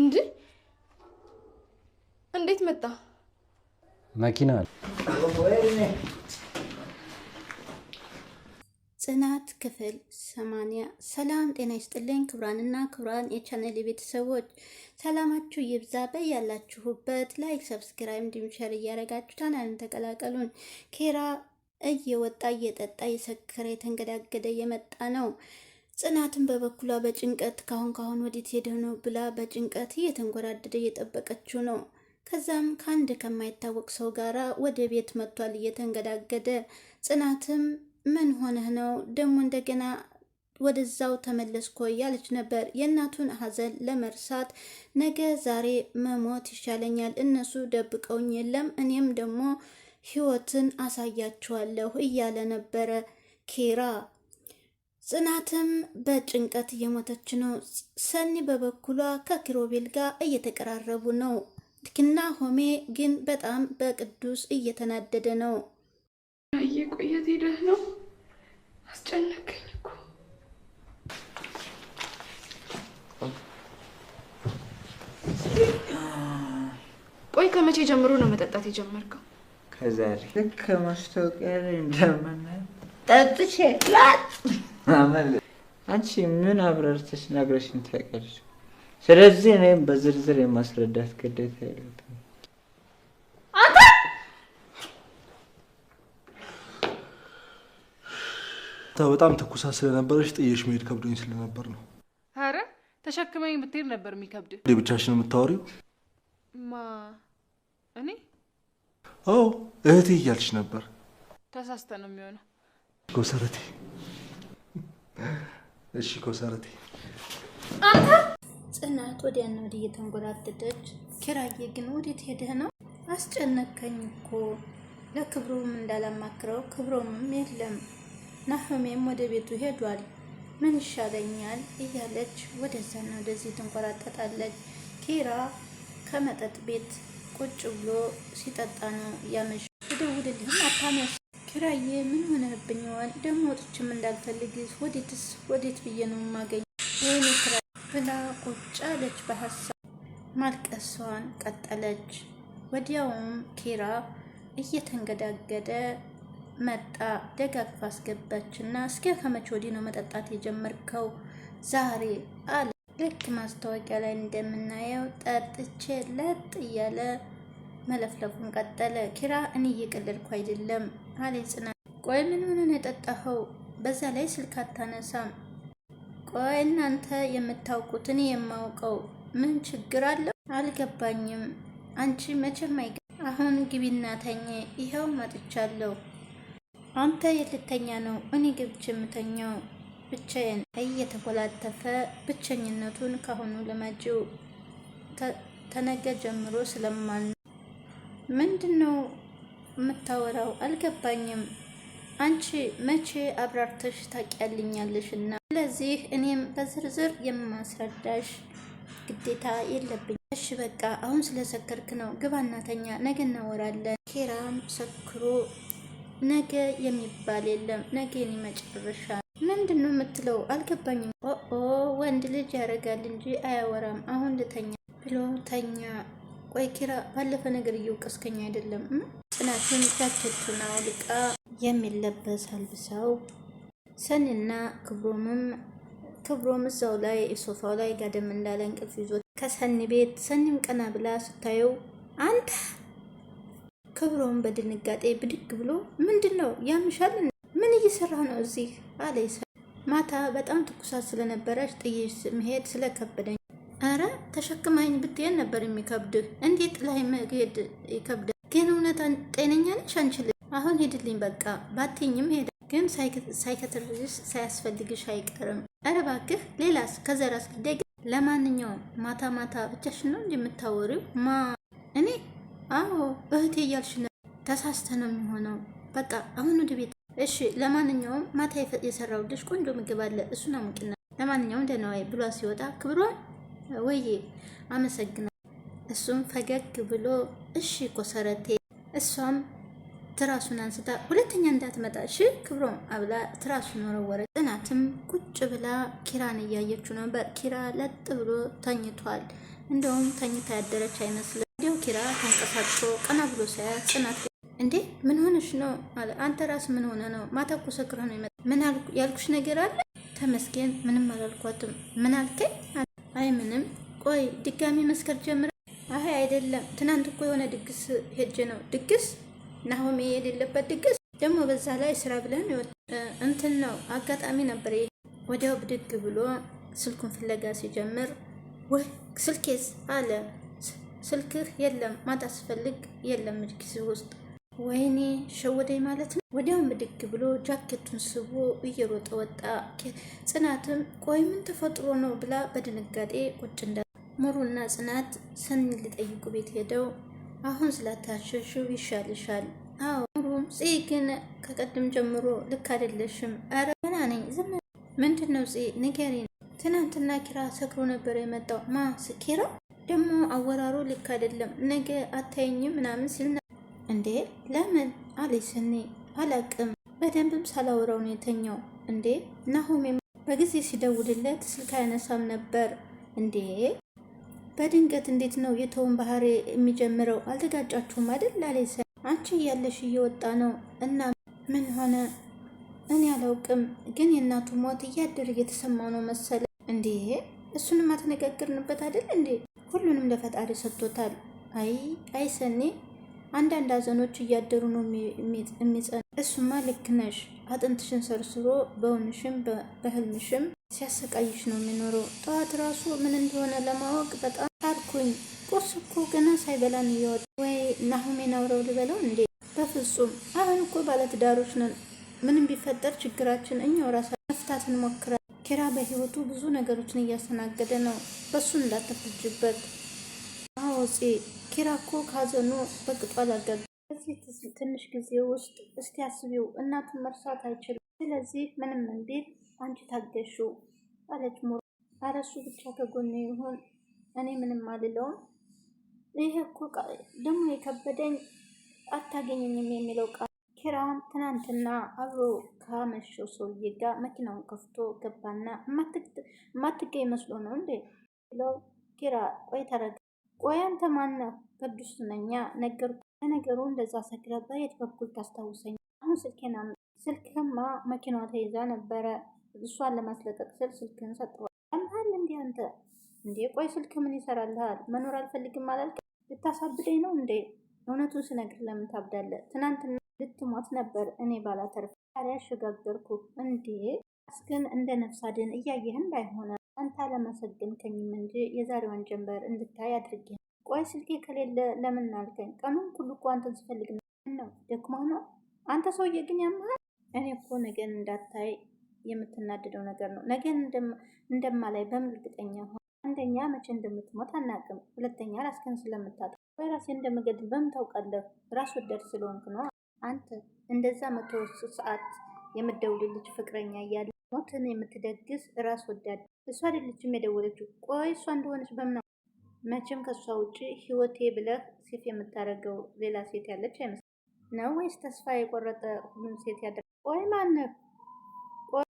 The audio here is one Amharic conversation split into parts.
እንዴ! እንዴት መጣ? መኪና ጽናት ክፍል ሰማንያ ሰላም ጤና ይስጥልኝ። ክብራንና ክብራን የቻነል ቤተሰቦች ሰላማችሁ ይብዛ። በያላችሁበት ላይክ፣ ሰብስክራይብ እንዲሁም ሸር እያደረጋችሁ ቻናልን ተቀላቀሉን። ኬራ እየወጣ እየጠጣ እየሰከረ የተንገዳገደ የመጣ ነው። ጽናትን በበኩሏ በጭንቀት ካሁን ካሁን ወዴት ሄደ ነው ብላ በጭንቀት እየተንጎራደደ እየጠበቀችው ነው። ከዛም ከአንድ ከማይታወቅ ሰው ጋራ ወደ ቤት መጥቷል እየተንገዳገደ። ጽናትም ምን ሆነህ ነው ደግሞ እንደገና ወደዛው ተመለስኮ እያለች ነበር። የእናቱን ሐዘን ለመርሳት ነገ ዛሬ መሞት ይሻለኛል፣ እነሱ ደብቀውኝ የለም እኔም ደግሞ ህይወትን አሳያችኋለሁ እያለ ነበረ ኬራ! ጽናትም በጭንቀት እየሞተች ነው። ሰኒ በበኩሏ ከኪሮቤል ጋር እየተቀራረቡ ነው። እና ሆሜ ግን በጣም በቅዱስ እየተናደደ ነው። እየቆየት ሄደህ ነው አስጨነቀኝ እኮ ቆይ ከመቼ ጀምሮ ነው መጠጣት የጀመርከው? ከዛሬ ልክ ከማስታወቂያ ላይ እንደምናየው ጠጥቼ ላጥ አንቺ ምን አብራርተሽ ነግረሽኝ ታውቂያለሽ? ስለዚህ እኔም በዝርዝር የማስረዳት ግዴታ የለብኝም። በጣም ትኩሳ ስለነበረች ጥየሽ መሄድ ከብዶኝ ስለነበር ነው። አረ ተሸክመኝ ብትሄድ ነበር የሚከብድ። ብቻሽን የምታወሪው ማ? እኔ? አዎ እህቴ እያልሽ ነበር። ተሳስተ ነው የሚሆነው ጎሰረቴ እሺ ኮሰረቴ አንተ ጽናት ወዲያና ወዲህ እየተንጎራደደች ኪራዬ ግን ወዴት ሄደህ ነው አስጨነከኝ እኮ ለክብሮም እንዳላማክረው ክብሮምም የለም ናሆሜም ወደ ቤቱ ሄዷል ምን ይሻለኛል እያለች ወደዛና ወደዚህ ትንቆራጠጣለች ኪራ ከመጠጥ ቤት ቁጭ ብሎ ሲጠጣ ነው ያመሸ ደውልልህም አታመሽ ኪራዬ ምን ሆነብኝ ይሆን ደግሞ ወጥቼም እንዳልፈልግህ ወዴትስ ወዴት ብዬ ነው የማገኝ ወይኔ ኪራዬ ብላ ቁጭ አለች በሀሳብ ማልቀሷን ቀጠለች። ወዲያውም ኪራ እየተንገዳገደ መጣ። ደጋግፋ አስገባች እና እስኪያ ከመቼ ወዲህ ነው መጠጣት የጀመርከው ዛሬ አለ። ልክ ማስታወቂያ ላይ እንደምናየው ጠጥቼ ለጥ እያለ መለፍለፉን ቀጠለ። ኪራ እኔ እየቀለድኩ አይደለም አለኝ ጽናት። ቆይ ምን ሆነን የጠጣኸው? በዛ ላይ ስልክ አታነሳም። ቆይ እናንተ የምታውቁት እኔ የማውቀው ምን ችግር አለው? አልገባኝም። አንቺ መቼም አይገ አሁን ግቢና ተኝ። ይኸው መጥቻለሁ። አንተ የልተኛ ነው እኔ ግብች የምተኛው ብቻዬን እየተኮላተፈ ብቸኝነቱን ካሁኑ ልመጂው። ተነገ ጀምሮ ስለማል ምንድን ነው የምታወራው? አልገባኝም። አንቺ መቼ አብራርተሽ ታውቂያልኛለሽ? እና ስለዚህ እኔም በዝርዝር የማስረዳሽ ግዴታ የለብኝ። እሺ በቃ አሁን ስለሰከርክ ነው፣ ግባ እናተኛ፣ ነገ እናወራለን። ኪራም ሰክሮ ነገ የሚባል የለም፣ ነገ የኔ መጨረሻ። ምንድን ነው የምትለው? አልገባኝም። ኦ ወንድ ልጅ ያደርጋል እንጂ አያወራም። አሁን ልተኛ ብሎ ተኛ። ቆይ ኪራ ባለፈ ነገር እየወቀስከኝ አይደለም? ጽናትን ጃኬቱን አውልቃ የሚለበስ አልብሰው ሰኒና ክብሮምም ክብሮም እዛው ላይ ሶፋው ላይ ጋደም እንዳለ እንቅልፍ ይዞት ከሰኒ ቤት ሰኒም ቀና ብላ ስታየው አንተ ክብሮም በድንጋጤ ብድግ ብሎ ምንድን ነው ያምሻል? ምን እየሰራ ነው እዚህ? አለ ማታ በጣም ትኩሳት ስለነበረች ጥዬ መሄድ ስለከበደኝ አረ ተሸክመኝ ብትሄድ ነበር የሚከብድህ። እንዴት ላይ መሄድ ይከብድ? ግን እውነት ጤነኛ ነሽ አንቺ አሁን ሄድልኝ በቃ። ባትኝም ሄዳ ግን ሳይከትርሽ ሳያስፈልግሽ አይቀርም። ኧረ እባክህ። ሌላስ ራስ ግዴ። ለማንኛውም ማታ ማታ ብቻሽን ነው እንደምታወሪው? ማ እኔ? አዎ እህቴ እያልሽ ነው። ተሳስተ ነው የሚሆነው። በቃ አሁን ወደ ቤት እሺ። ለማንኛውም ማታ የሰራሁልሽ ቆንጆ ምግብ አለ፣ እሱን አሙቂና ለማንኛውም ደህና ዋይ ብሏ ሲወጣ ክብሯል ወይ አመሰግና እሱም ፈገግ ብሎ እሺ ኮሰረቴ። እሷም ትራሱን አንስታ ሁለተኛ እንዳትመጣ እሺ ክብሮም አብላ ትራሱን ወረወረች። ጽናትም ቁጭ ብላ ኪራን እያየችው ነበር። ኪራ ለጥ ብሎ ተኝቷል። እንደውም ተኝታ ያደረች አይመስልም። እንዲያው ኪራ ተንቀሳቅሶ ቀና ብሎ ሳያት ጽናት እንዴ ምን ሆነሽ ነው? አንተ ራስ ምን ሆነ ነው? ማታ እኮ ሰክረህ ነው ይመጣ ምን ያልኩሽ ነገር አለ? ተመስገን ምንም አላልኳትም። ምን አልከኝ? አይ ምንም። ቆይ ድጋሚ መስከር ጀምረ? አይ አይደለም፣ ትናንት እኮ የሆነ ድግስ ሄጄ ነው። ድግስ ናሆሜ የሌለበት ድግስ ደግሞ በዛ ላይ ስራ ብለን እንትን ነው አጋጣሚ ነበር። ወዲያው ብድግ ብሎ ስልኩን ፍለጋ ሲጀምር ወይ ስልኬስ አለ። ስልክህ የለም፣ ማታ ስፈልግ የለም ድግስ ውስጥ ወይኔ ሸወደኝ ማለት ነው። ወዲያውም ብድግ ብሎ ጃኬቱን ስቦ እየሮጠ ወጣ። ጽናትም ቆይ ምን ተፈጥሮ ነው ብላ በድንጋጤ ቁጭ እንዳ ሙሩና ጽናት ሰኒ ሊጠይቁ ቤት ሄደው አሁን ስላታሸሽው ይሻልሻል። አዎ ሙሩ ጽ ግን ከቀድም ጀምሮ ልክ አይደለሽም። አረ ገና ነኝ። ዝም ምንድን ነው ጽ ንገሪ። ትናንትና ኪራ ሰክሮ ነበር የመጣው። ማ ኪራ ደግሞ አወራሩ ልክ አይደለም። ነገ አታይኝም ምናምን ሲል እንዴ ለምን አለች አላቅም በደንብም ሳላወራው ነው የተኛው። እንዴ ናሆሜም በጊዜ ሲደውልለት ስልክ አያነሳም ነበር። እንዴ በድንገት እንዴት ነው የተውን ባህሪ የሚጀምረው? አልተጋጫችሁም አይደል አለች ሰኒ። አንቺ እያለሽ እየወጣ ነው እና ምን ሆነ? እኔ አላውቅም፣ ግን የእናቱ ሞት እያደር እየተሰማው ነው መሰለ። እንዴ እሱንም አልተነጋገርንበት አይደል እንዴ? ሁሉንም ለፈጣሪ ሰጥቶታል። አይ አይ አንዳንድ ሀዘኖች እያደሩ ነው የሚጸኑ። እሱማ ልክ ነሽ። አጥንትሽን ሰርስሮ በውንሽም በህልምሽም ሲያሰቃይሽ ነው የሚኖረው። ጠዋት ራሱ ምን እንደሆነ ለማወቅ በጣም አልኩኝ። ቁርስ እኮ ገና ሳይበላን እየወጣ ወይ ናሁሜን ናውረው ልበለው እንዴ? በፍጹም አሁን እኮ ባለትዳሮች ነን። ምንም ቢፈጠር ችግራችን እኛው ራሳ መፍታት እንሞክራል። ኪራ በህይወቱ ብዙ ነገሮችን እያስተናገደ ነው። በሱን እንዳትፈጅበት አዎ ኪራ እኮ ካዘኑ በቅጠል አላገባም። በዚህ ትንሽ ጊዜ ውስጥ እስቲ አስቢው፣ እናቱ መርሳት አይችልም። ስለዚህ ምንም እንዴት አንቺ ታገሹ አለች ሙሩ። አረሱ ብቻ ከጎን ይሁን እኔ ምንም አልለውም። ይህ እኮ ደግሞ የከበደኝ አታገኘኝም የሚለው ቃል ኪራም ትናንትና አብሮ ከመሸው ሰውዬ ጋር መኪናውን ከፍቶ ገባና የማትገኝ መስሎ ነው እንዴ ብለው ኪራ ቆይ ተረጋ ቆይ አንተ ማነህ? ቅዱስ ነኛ ነገርኩ። ለነገሩ እንደዛ ሰግረ በየት በኩል ታስታውሰኝ? አሁን ስልኬና ስልክህማ መኪናዋ ተይዛ ነበረ። እሷን ለማስለቀቅ ስል ስልክህን ሰጥተዋል። አምሃል እንዲህ አንተ እንዴ! ቆይ ስልክ ምን ይሰራልሃል? መኖር አልፈልግም አላልክ? ልታሳብደኝ ነው እንዴ? እውነቱን ስነግርህ ለምን ታብዳለ ትናንትና ልትሞት ነበር እኔ ባላተርፍ ዛሬ አሸጋገርኩ እንዴ? ግን እንደ ነፍስ አድን እያየህ እንዳይሆነ አንተ አላመሰገንከኝም እንጂ የዛሬዋን ጀንበር እንድታይ አድርጌ። ቆይ ስልኬ ከሌለ ለምን አልከኝ? ቀኑን ሁሉ እኮ አንተን ስፈልግ ነው። ደክማ ነው። አንተ ሰውዬ ግን ያመሃል። እኔ እኮ ነገን እንዳታይ የምትናደደው ነገር ነው። ነገን እንደማላይ በምን እርግጠኛ ሆነ? አንደኛ መቼ እንደምትሞት አናቅም፣ ሁለተኛ ራስህን ስለምታጠ በራሴ እንደምገድል በምን ታውቃለህ? ራስ ወዳድ ስለሆንክ ነው። አንተ እንደዛ መቶ ሰዓት የምደውልልች ልጅ ፍቅረኛ እያለ ሞትን የምትደግስ ራስ ወዳድ እሷ አይደለችም የደወለችው። ቆይ እሷ እንደሆነች በምና መቼም ከእሷ ውጭ ህይወቴ ብለህ ሴት የምታደርገው ሌላ ሴት ያለች አይመስል ነው ወይስ ተስፋ የቆረጠ ሁሉም ሴት ያደርገ? ቆይ ቆይ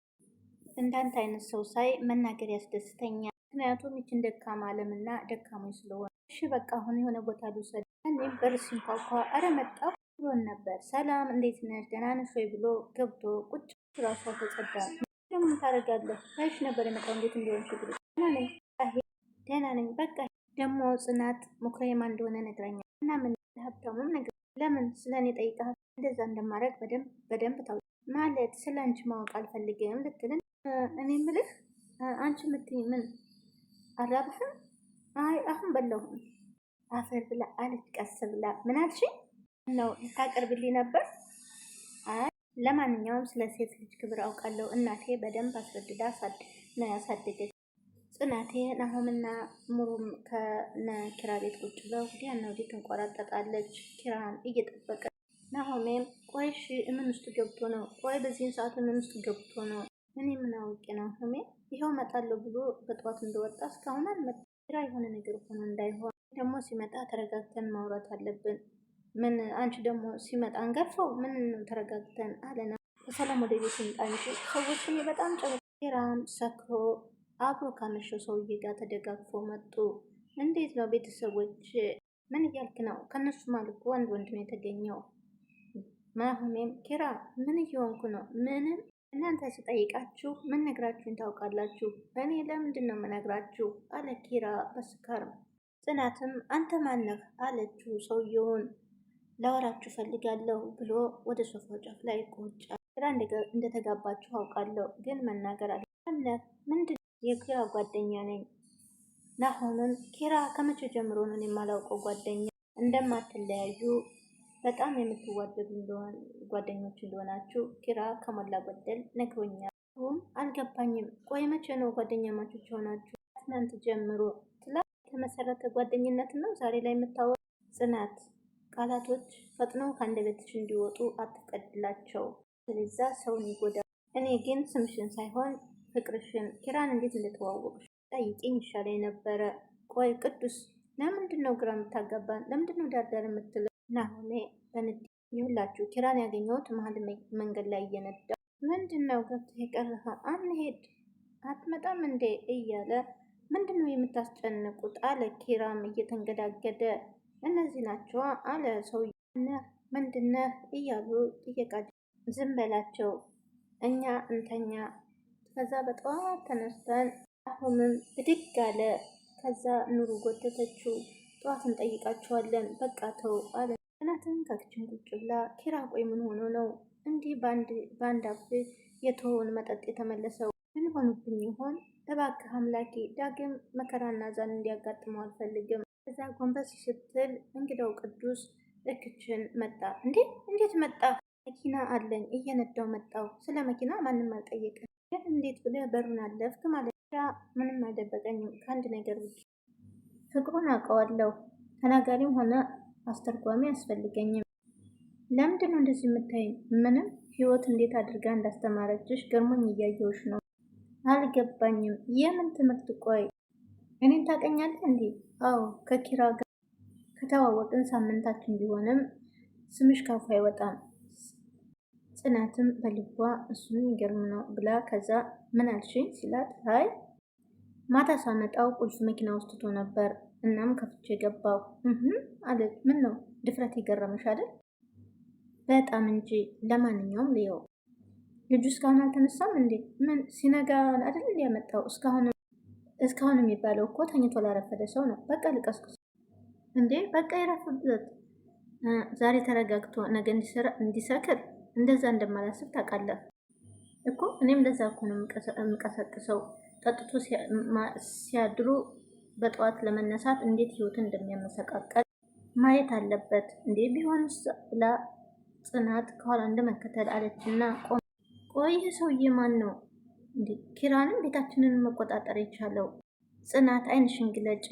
እንዳንተ አይነት ሰው ሳይ መናገር ያስደስተኛል። ምክንያቱም ይችን ደካማ አለምና ደካሞች ስለሆነ። እሺ በቃ አሁን የሆነ ቦታ ልውሰድ። እኔም በር ሲንኳኳ አረ መጣሁ ብሎን ነበር። ሰላም እንዴት ነሽ ደህና ነሽ ወይ ብሎ ገብቶ ቁጭ ራሷ ተጸዳል። ምን ታደርጋለህ? አይሽ ነበር የመጣው እንዴት እንደሆነ ችግር ደህና ነኝ። በቃ ደግሞ ጽናት ሙክሬማ እንደሆነ ነግረኛ እና ምን ለሀብታሙም ነገር ለምን ስለ እኔ ጠይቀሃል? እንደዛ እንደማድረግ በደንብ በደንብ ታው ማለት ስለ አንቺ ማወቅ አልፈልግም ልትልን እኔ ምልህ አንቺ ምትይ ምን አራብህም? አይ አሁን በለሁም አፈር ብላ አልቀስ ብላ ምን አልሽኝ ነው ልታቀርብልኝ ነበር ለማንኛውም ስለ ሴት ልጅ ክብር አውቃለሁ። እናቴ በደንብ አስረድዳ ነው ያሳደገች። ጽናቴ ናሆምና ሙሩም ከነኪራ ቤት ቁጭ ብለው ወዲያና ወዲህ ትንቆራጠጣለች። ኪራን እየጠበቀ ናሆሜም ቆይ እሺ፣ ምን ውስጥ ገብቶ ነው? ቆይ በዚህን ሰዓት ምን ውስጥ ገብቶ ነው? እኔ ምን አውቄ ነው? ሆሜ ይኸው መጣለሁ ብሎ በጠዋት እንደወጣ እስካሁን አልመጣም። ኪራ የሆነ ነገር ሆኖ እንዳይሆን ደግሞ ሲመጣ ተረጋግተን ማውራት አለብን። ምን አንቺ ደግሞ ሲመጣ እንገርፈው ምን ተረጋግተን አለና ሰላም ወደ ቤት እንጣንሽ ሰዎችን በጣም ራም ሰክሮ አብሮ ካመሸው ሰውዬ ጋር ተደጋግፎ መጡ። እንዴት ነው ቤተሰቦች ምን እያልክ ነው? ከነሱ ማልኩ ወንድ ወንድ ነው የተገኘው። ማሁሜም ኪራ ምን እየሆንኩ ነው? ምንም እናንተ ስጠይቃችሁ ምን ነግራችሁን ታውቃላችሁ? እኔ ለምንድን ነው የምነግራችሁ? አለ ኪራ በስካር ጽናትም አንተ ማነህ አለችው ሰውየውን ላወራችሁ ፈልጋለሁ ብሎ ወደ ሶፋው ጫፍ ላይ ቁጭ ግራ እንደተጋባችሁ አውቃለሁ፣ ግን መናገር አለ ምንድን የኪራ ጓደኛ ነኝ። ናሆምም ኪራ ከመቼ ጀምሮ ነው የማላውቀው ጓደኛ እንደማትለያዩ በጣም የምትዋደዱ ጓደኞች እንደሆናችሁ ኪራ ከሞላ ጎደል ነግሮኛል። ሁም አልገባኝም። ቆይ መቼ ነው ጓደኛ ማቾች የሆናችሁ? ትናንት ጀምሮ ትላ የተመሰረተ ጓደኝነት ነው ዛሬ ላይ የምታወቅ ጽናት ቃላቶች ፈጥነው ከአንደበትሽ እንዲወጡ አትቀድላቸው ስለዛ ሰውን ይጎዳል። እኔ ግን ስምሽን ሳይሆን ፍቅርሽን ኪራን እንዴት እንደተዋወቅሽ ጠይቂኝ ይሻለኝ ነበረ። ቆይ ቅዱስ ለምንድን ነው ግራ የምታጋባን? ለምንድን ነው ዳርዳር የምትለው? ናሆሜ በንድ ይሁላችሁ ኪራን ያገኘሁት መሀል መንገድ ላይ እየነዳ? ምንድን ነው ገብተህ የቀረኸው? አንሄድ አትመጣም እንዴ እያለ ምንድን ነው የምታስጨንቁት? አለ ኪራም እየተንገዳገደ እነዚህ ናቸው አለ ሰውዬው። ምንድነህ እያሉ ጥየቃ ዝም በላቸው እኛ እንተኛ። ከዛ በጠዋት ተነስተን አሁንም ብድግ አለ። ከዛ ኑሩ ጎተተችው። ጠዋት እንጠይቃቸዋለን በቃ ተው አለ። ጽናትን ከክችን ቁጭ ብላ ኪራ ቆይ ምን ሆኖ ነው እንዲህ በአንድ አፍ የተሆን መጠጥ የተመለሰው? ምን ሆኑብኝ ይሆን? እባክህ አምላኬ ዳግም መከራና ዛን እንዲያጋጥመው አልፈልግም። እዛ ጎንበስ ስትል እንግዳው ቅዱስ እክችን መጣ። እንዴ እንዴት መጣ? መኪና አለኝ እየነዳው መጣው። ስለ መኪና ማንም አልጠየቅም። እንዴት ብለ በሩን አለፍክ ማለት ምንም አልደበቀኝም ከአንድ ነገር ውጭ ፍቅሩን አውቀዋለሁ። ተናጋሪም ሆነ አስተርጓሚ አያስፈልገኝም። ለምንድን ነው እንደዚህ የምታይ? ምንም ህይወት እንዴት አድርጋ እንዳስተማረችሽ ገርሞኝ እያየውሽ ነው። አልገባኝም። የምን ትምህርት ቆይ እኔን ታቀኛለህ እንዴ? አዎ ከኪራ ጋር ከተዋወቅን ሳምንታችን ቢሆንም ስምሽ ካፉ አይወጣም። ጽናትም በልቧ እሱን ይገርም ነው ብላ ከዛ ምን አልሽኝ ሲላት አይ ማታ ሳመጣው ቁልፍ መኪና ውስጥ ትቶ ነበር፣ እናም ከፍቼ ገባው አለች። ምን ነው ድፍረት የገረመሽ አይደል? በጣም እንጂ። ለማንኛውም ልየው ልጁ እስካሁን አልተነሳም እንዴ? ምን ሲነጋ አይደል እንዲያመጣው እስካሁን እስካሁን የሚባለው እኮ ተኝቶ ላረፈደ ሰው ነው። በቃ ልቀስቅስ እንዴ! በቃ ይረፍበት። ዛሬ ተረጋግቶ ነገ እንዲሰክር እንደዛ እንደማላስብ ታውቃለህ እኮ። እኔም እንደዛ እኮ ነው የምቀሰቅሰው። ጠጥቶ ሲያድሩ በጠዋት ለመነሳት እንዴት ህይወትን እንደሚያመሰቃቀል ማየት አለበት። እንዴ ቢሆንስ ብላ ጽናት ከኋላ እንደመከተል አለችና ቆይ፣ ሰውዬ ማን ነው? እንዴ ኪራንም ቤታችንን መቆጣጠር የቻለው ጽናት፣ አይን ግለጪ።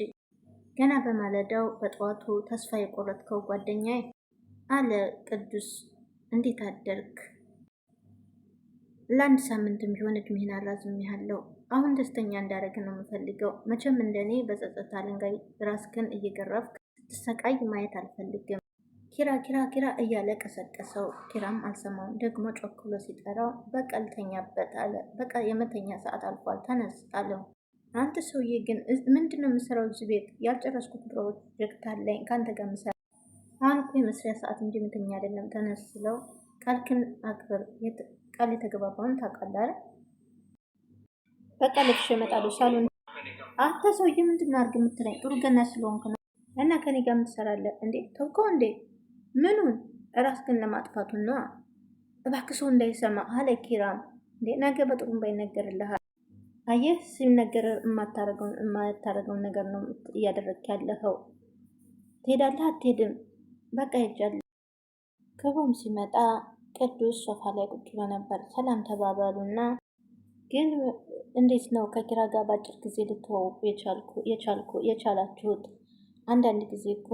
ገና በማለዳው በጠዋቱ ተስፋ የቆረጥከው ጓደኛዬ አለ ቅዱስ። እንዴት አደርክ? ለአንድ ሳምንትም ቢሆን እድሜህን አራዝሜሃለሁ። አሁን ደስተኛ እንዳደረግ ነው የምፈልገው። መቼም እንደኔ በጸጸት አለንጋ ራስክን እየገረፍክ ስትሰቃይ ማየት አልፈልግም። ኪራ ኪራ ኪራ እያለ ቀሰቀሰው። ኪራም አልሰማውም። ደግሞ ጮክ ብሎ ሲጠራው በቀል ተኛበት አለ። በቃ የመተኛ ሰዓት አልፏል ተነስ አለው። አንተ ሰውዬ ግን ምንድን ነው የምሰራው እዚህ ቤት? ያልጨረስኩት ፕሮጀክት አለኝ ከአንተ ጋር ምሰራ። አሁን እኮ የመስሪያ ሰዓት እንጂ መተኛ አይደለም። ተነስ ስለው ቃልክን አክብር፣ ቃል የተገባባውን ታውቃለህ። በቃ ልክሽ እመጣለሁ ሳሎን። አንተ ሰውዬ ምንድን ነው አድርግ የምትለኝ? ጥሩ ገና ስለሆንክ ነው እና ከኔ ጋር የምትሰራለህ እንዴ? ተውከው እንዴ ምኑን? ራስህን ለማጥፋቱን ነዋ። እባክህ ሰው እንዳይሰማ አለ ኪራም። እንዴ ነገ በጥሩምባ ይነገርልሃል። አየህ ሲነገር የማታረገውን ነገር ነው እያደረግክ ያለኸው። ትሄዳለህ አትሄድም? በቃ ሄጃለሁ። ክቡም ሲመጣ ቅዱስ ሶፋ ላይ ቁጭ ብሎ ነበር። ሰላም ተባባሉና ግን እንዴት ነው ከኪራ ጋር በአጭር ጊዜ ልትወቁ የቻላችሁት? አንዳንድ ጊዜ እኮ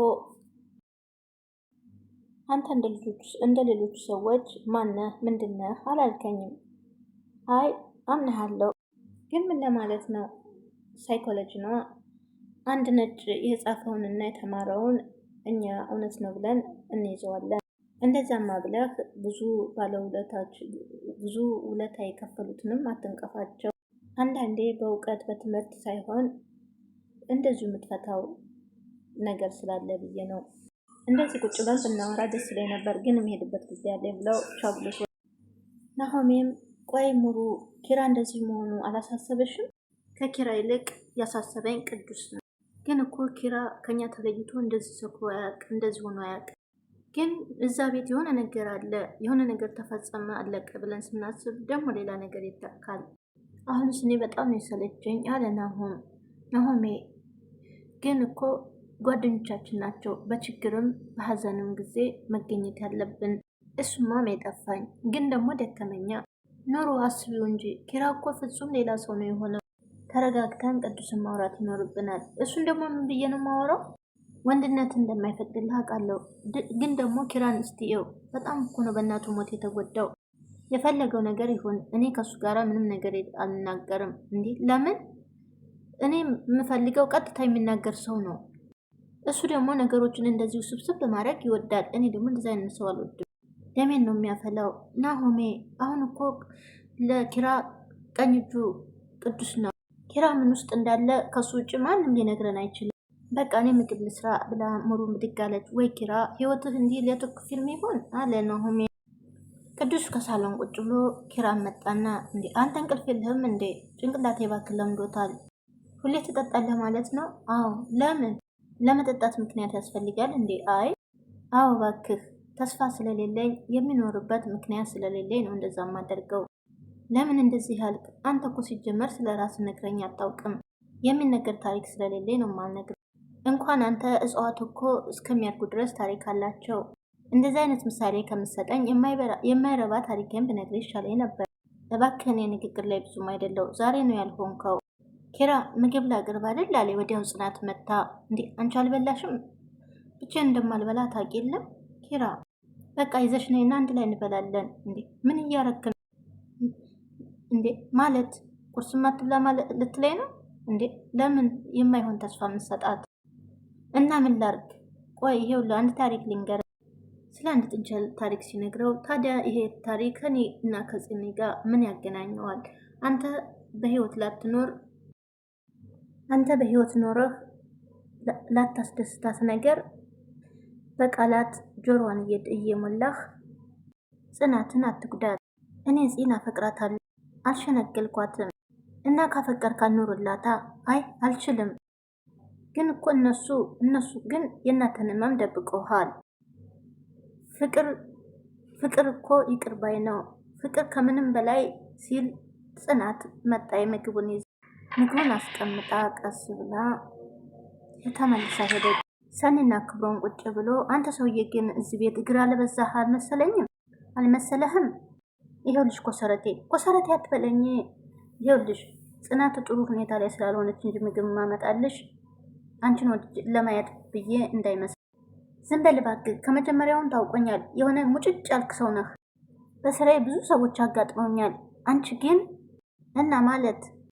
አንተ እንደ ሌሎቹ ሰዎች ማነህ ምንድነህ አላልከኝም። አይ አምናሃለሁ፣ ግን ምን ለማለት ነው? ሳይኮሎጂ ነዋ። አንድ ነጭ የጻፈውንና የተማረውን እኛ እውነት ነው ብለን እንይዘዋለን። እንደዛማ ብለህ ብዙ ባለውለታዎች ብዙ ውለታ የከፈሉትንም አትንቀፋቸው። አንዳንዴ በእውቀት በትምህርት ሳይሆን እንደዚሁ የምትፈታው ነገር ስላለ ብዬ ነው። እንደዚህ ቁጭ ብለን ስናወራ ደስ ላይ ነበር፣ ግን የሚሄድበት ጊዜ አለ ብለው ቻው ናሆሜም ቆይ ሙሩ ኪራ እንደዚህ መሆኑ አላሳሰበሽም? ከኪራ ይልቅ ያሳሰበኝ ቅዱስ ነው። ግን እኮ ኪራ ከኛ ተለይቶ እንደዚህ ሰክሮ አያውቅ፣ እንደዚህ ሆኖ አያውቅ። ግን እዛ ቤት የሆነ ነገር አለ፣ የሆነ ነገር ተፈጸመ አለቀ ብለን ስናስብ ደግሞ ሌላ ነገር ይተካል። አሁን ስኔ በጣም ነው የሰለቸኝ አለ ናሆም። ናሆሜ ግን እኮ ጓደኞቻችን ናቸው። በችግርም በሀዘንም ጊዜ መገኘት ያለብን። እሱማም የጠፋኝ ግን ደግሞ ደከመኛ ኑሮ አስቢው እንጂ ኪራ እኮ ፍጹም ሌላ ሰው ነው የሆነው። ተረጋግተን ቅዱስን ማውራት ይኖርብናል። እሱን ደግሞ ምን ብዬ ነው ማወራው? ወንድነት እንደማይፈቅድልህ አውቃለሁ፣ ግን ደግሞ ኪራን እስትየው በጣም እኮ ነው በእናቱ ሞት የተጎዳው። የፈለገው ነገር ይሁን፣ እኔ ከእሱ ጋር ምንም ነገር አልናገርም። እንዲህ ለምን? እኔ የምፈልገው ቀጥታ የሚናገር ሰው ነው። እሱ ደግሞ ነገሮችን እንደዚሁ ስብስብ በማድረግ ይወዳል። እኔ ደግሞ እንደዚ አይነት ሰው አልወድም። ደሜን ነው የሚያፈላው። ናሆሜ አሁን እኮ ለኪራ ቀኝ እጁ ቅዱስ ነው። ኪራ ምን ውስጥ እንዳለ ከሱ ውጭ ማንም ሊነግረን አይችልም። በቃ እኔ ምግብ ልስራ ብላ ሙሩ ብድግ አለች። ወይ ኪራ ህይወትህ እንዲህ ለቱርክ ፊልም ይሆን አለ ናሆሜ። ቅዱስ ከሳሎን ቁጭ ብሎ ኪራን መጣና እንዴ አንተ እንቅልፍ የለህም እንዴ? ጭንቅላቴ እባክህ ለምዶታል። ሁሌ ትጠጣለህ ማለት ነው? አዎ ለምን ለመጠጣት ምክንያት ያስፈልጋል እንዴ? አይ አዎ እባክህ፣ ተስፋ ስለሌለኝ የሚኖርበት ምክንያት ስለሌለኝ ነው እንደዛ ማደርገው። ለምን እንደዚህ ያልክ? አንተ እኮ ሲጀመር ስለ ራስ ነግረኝ አታውቅም። የሚነገር ታሪክ ስለሌለኝ ነው ማልነግር። እንኳን አንተ እጽዋት እኮ እስከሚያድጉ ድረስ ታሪክ አላቸው። እንደዚህ አይነት ምሳሌ ከምሰጠኝ የማይረባ ታሪክን ብነግር ይሻለኝ ነበር። እባክህን የንግግር ላይ ብዙም አይደለው። ዛሬ ነው ያልሆንከው ኬራ ምግብ ላቅርብ አይደል አለ። ወዲያው ጽናት መታ። እንዴ አንቺ አልበላሽም? ብቻ እንደማልበላ ታውቂ የለም ኬራ። በቃ ይዘሽ እና አንድ ላይ እንበላለን። እንዴ ምን እያረክ ነው እንዴ? ማለት ቁርስ ማትብላ ማለት ልትለይ ነው እንዴ? ለምን የማይሆን ተስፋ ምሰጣት እና ምን ላርግ? ቆይ ይሄ ሁሉ አንድ ታሪክ ልንገር ስለ አንድ ጥንቸል ታሪክ ሲነግረው፣ ታዲያ ይሄ ታሪክ ከኔ እና ከጽኒ ጋር ምን ያገናኘዋል? አንተ በህይወት ላትኖር አንተ በህይወት ኖረህ ላታስደስታት ነገር በቃላት ጆሮዋን እየሞላህ ጽናትን አትጉዳት። እኔ ጽና አፈቅራታለሁ፣ አልሸነገልኳትም እና ካፈቀርካ ኑርላታ። አይ አልችልም፣ ግን እኮ እነሱ እነሱ ግን የእናንተን ህመም ደብቀውሃል። ፍቅር ፍቅር እኮ ይቅር ባይ ነው። ፍቅር ከምንም በላይ ሲል ጽናት መጣ። የምግቡን ይዘ ምግቡን አስቀምጣ ቀስ ብላ ተመልሳ ሄደ። ሰኒና ክብሮን ቁጭ ብሎ አንተ ሰውዬ ግን እዚህ ቤት እግር አለበዛህ አልመሰለኝም አልመሰለህም? ይሄው ልጅ ኮሰረቴ ኮሰረቴ አትበለኝ። ይሄው ልጅ ጽናት ጥሩ ሁኔታ ላይ ስላልሆነች እንጂ ምግብ ማመጣልሽ አንቺን ለማየት ብዬ እንዳይመስል። ዝም በል እባክህ። ከመጀመሪያውን ታውቆኛል። የሆነ ሙጭጭ ያልክ ሰው ነህ። በስራዬ ብዙ ሰዎች አጋጥመውኛል። አንቺ ግን እና ማለት